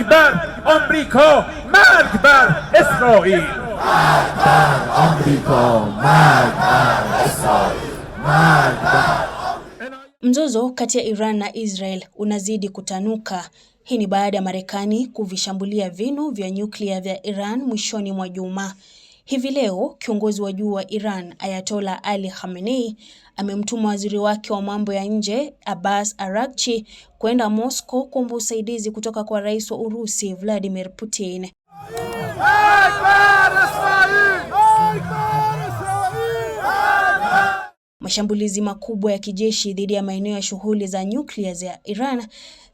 مرگ بر آمریکا مرگ بر اسرائیل مرگ بر آمریکا مرگ بر اسرائیل مرگ بر Mzozo kati ya Iran na Israel unazidi kutanuka. Hii ni baada ya Marekani kuvishambulia vinu vya nyuklia vya Iran mwishoni mwa juma. Hivi leo kiongozi wa juu wa Iran Ayatollah Ali Khamenei amemtuma waziri wake wa mambo ya nje Abbas Araghchi kwenda Moscow kuomba usaidizi kutoka kwa rais wa Urusi Vladimir Putin. Mashambulizi makubwa ya kijeshi dhidi ya maeneo ya shughuli za nyuklia za Iran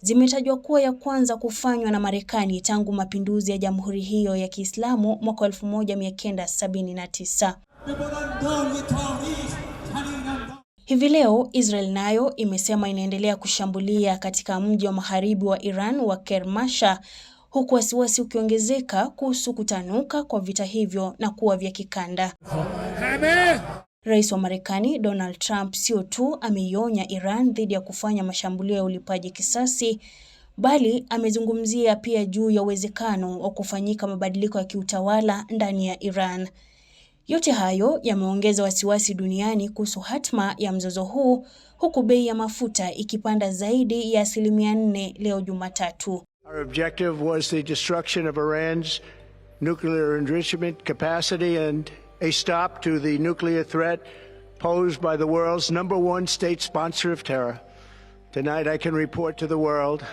zimetajwa kuwa ya kwanza kufanywa na Marekani tangu mapinduzi ya jamhuri hiyo ya Kiislamu mwaka 1979. Hivi leo Israel nayo imesema inaendelea kushambulia katika mji wa magharibi wa Iran wa Kermasha huku wasiwasi ukiongezeka kuhusu kutanuka kwa vita hivyo na kuwa vya kikanda. Rais wa Marekani Donald Trump sio tu ameionya Iran dhidi ya kufanya mashambulio ya ulipaji kisasi, bali amezungumzia pia juu ya uwezekano wa kufanyika mabadiliko ya kiutawala ndani ya Iran. Yote hayo yameongeza wasiwasi duniani kuhusu hatma ya mzozo huu, huku bei ya mafuta ikipanda zaidi ya asilimia nne leo Jumatatu. Our objective was the destruction of Iran's nuclear enrichment capacity and a stop to the nuclear threat posed by the world's number one state sponsor of terror. Tonight, I can report to the world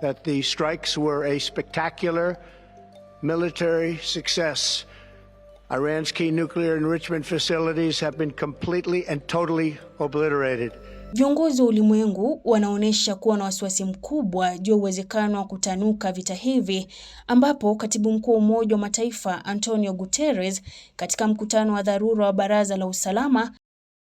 that the strikes were a spectacular military success. Iran's key nuclear enrichment facilities have been completely and totally obliterated. Viongozi wa ulimwengu wanaonyesha kuwa na wasiwasi mkubwa juu ya uwezekano wa kutanuka vita hivi, ambapo katibu mkuu wa Umoja wa Mataifa Antonio Guterres katika mkutano wa dharura wa Baraza la Usalama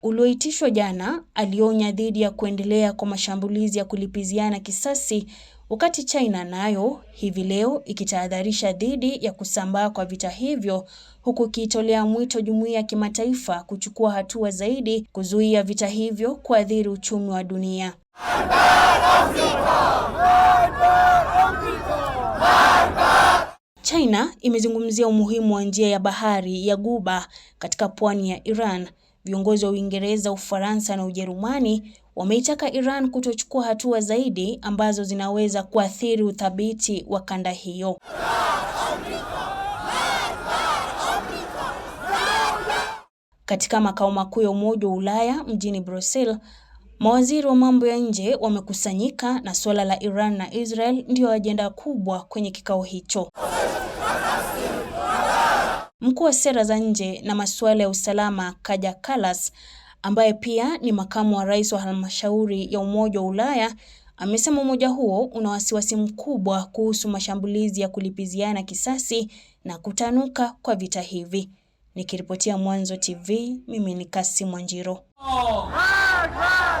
ulioitishwa jana alionya dhidi ya kuendelea kwa mashambulizi ya kulipiziana kisasi, wakati China nayo hivi leo ikitahadharisha dhidi ya kusambaa kwa vita hivyo, huku ikiitolea mwito jumuiya ya kimataifa kuchukua hatua zaidi kuzuia vita hivyo kuathiri uchumi wa dunia. China imezungumzia umuhimu wa njia ya bahari ya guba katika pwani ya Iran Viongozi wa Uingereza, Ufaransa na Ujerumani wameitaka Iran kutochukua hatua zaidi ambazo zinaweza kuathiri uthabiti wa kanda hiyo. Katika makao makuu ya Umoja wa Ulaya mjini Brussels, mawaziri wa mambo ya nje wamekusanyika na suala la Iran na Israel ndiyo ajenda kubwa kwenye kikao hicho. Mkuu wa sera za nje na masuala ya usalama Kaja Kallas ambaye pia ni makamu wa rais wa halmashauri ya Umoja wa Ulaya amesema umoja huo una wasiwasi mkubwa kuhusu mashambulizi ya kulipiziana kisasi na kutanuka kwa vita hivi. Nikiripotia Mwanzo TV, mimi ni Kasi Oh,